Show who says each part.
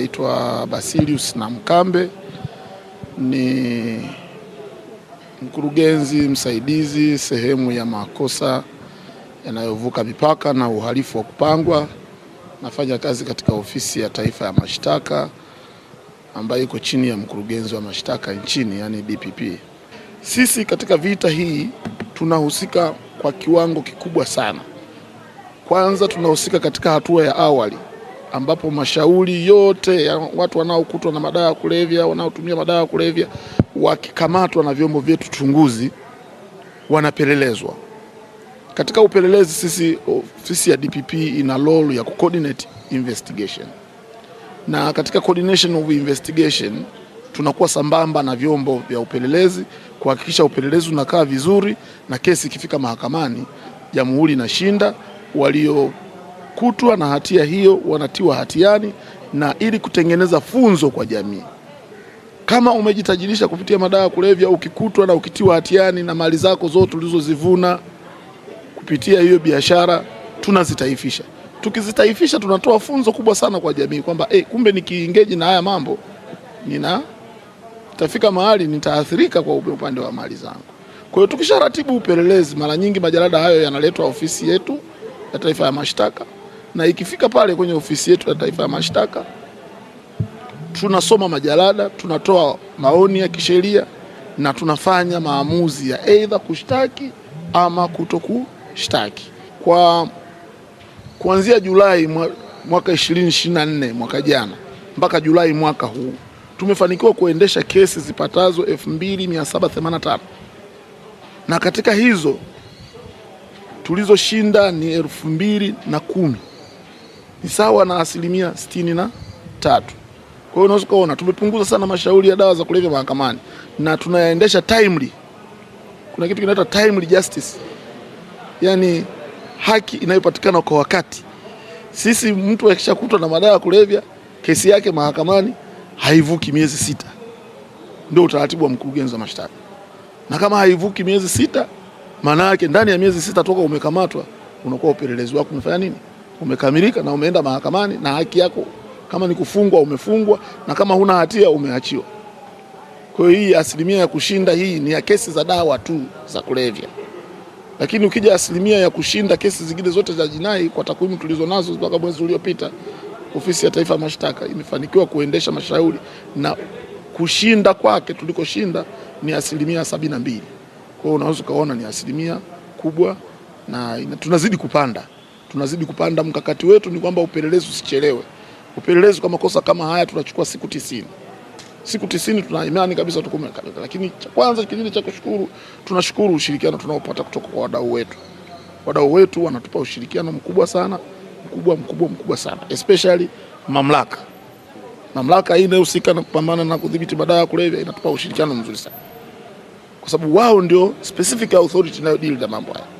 Speaker 1: naitwa Basilius na Mkambe ni mkurugenzi msaidizi sehemu ya makosa yanayovuka mipaka na uhalifu wa kupangwa. Nafanya kazi katika ofisi ya taifa ya mashtaka ambayo iko chini ya mkurugenzi wa mashtaka nchini, yani DPP. Sisi katika vita hii tunahusika kwa kiwango kikubwa sana. Kwanza tunahusika katika hatua ya awali ambapo mashauri yote ya watu wanaokutwa na madawa ya kulevya, wanaotumia madawa ya kulevya wakikamatwa na vyombo vyetu chunguzi, wanapelelezwa. Katika upelelezi, sisi ofisi ya DPP ina role ya coordinate investigation, na katika coordination of investigation tunakuwa sambamba na vyombo vya upelelezi kuhakikisha upelelezi unakaa vizuri, na kesi ikifika mahakamani, jamhuri inashinda walio wanaokutwa na hatia hiyo wanatiwa hatiani, na ili kutengeneza funzo kwa jamii. Kama umejitajirisha kupitia madawa ya kulevya, ukikutwa na ukitiwa hatiani na mali zako zote ulizozivuna kupitia hiyo biashara, tunazitaifisha. Tukizitaifisha tunatoa funzo kubwa sana kwa jamii kwamba eh, kumbe nikiingeji na haya mambo nina tafika mahali nitaathirika kwa upande wa mali zangu. Kwa hiyo tukisharatibu upelelezi, mara nyingi majalada hayo yanaletwa ofisi yetu ya Taifa ya Mashtaka na ikifika pale kwenye ofisi yetu ya taifa ya mashtaka tunasoma majalada, tunatoa maoni ya kisheria na tunafanya maamuzi ya aidha kushtaki ama kutokushtaki. Kwa kuanzia Julai mwaka 2024 mwaka jana mpaka Julai mwaka huu tumefanikiwa kuendesha kesi zipatazo 2785 na katika hizo tulizoshinda ni elfu mbili na kumi ni sawa na asilimia sitini na tatu. Kwa hiyo unaweza kuona tumepunguza sana mashauri ya dawa za kulevya mahakamani na tunayaendesha timely. Kuna kitu kinaitwa timely justice, yaani haki inayopatikana kwa wakati. Sisi mtu akishakutwa na madawa ya kulevya, kesi yake mahakamani haivuki miezi sita, ndio utaratibu wa mkurugenzi wa mashtaka, na kama haivuki miezi sita, maana yake ndani ya miezi sita toka umekamatwa unakuwa upelelezi wako umefanya nini? umekamilika na umeenda mahakamani na haki yako, kama ni kufungwa umefungwa, na kama huna hatia umeachiwa. Kwa hiyo hii asilimia ya kushinda hii ni ya kesi za dawa tu za kulevya, lakini ukija asilimia ya kushinda kesi zingine zote za jinai, kwa takwimu tulizonazo mpaka mwezi uliopita, ofisi ya taifa ya mashtaka imefanikiwa kuendesha mashauri na kushinda kwake tulikoshinda ni asilimia sabini na mbili. Kwa hiyo unaweza ukaona ni asilimia kubwa na tunazidi kupanda tunazidi kupanda. Mkakati wetu ni kwamba upelelezi usichelewe. Upelelezi kwa makosa kama haya tunachukua siku tisini siku tisini tuna imani kabisa tukume, Lakini cha kwanza kingine cha kushukuru, tunashukuru ushirikiano tunaopata kutoka kwa wadau wetu. Wadau wetu wanatupa ushirikiano mkubwa sana, mkubwa mkubwa mkubwa sana, especially mamlaka. Mamlaka hii inayohusika na kupambana na kudhibiti madawa ya kulevya inatupa ushirikiano mzuri sana, kwa sababu wao ndio specific authority inayodeal na mambo haya.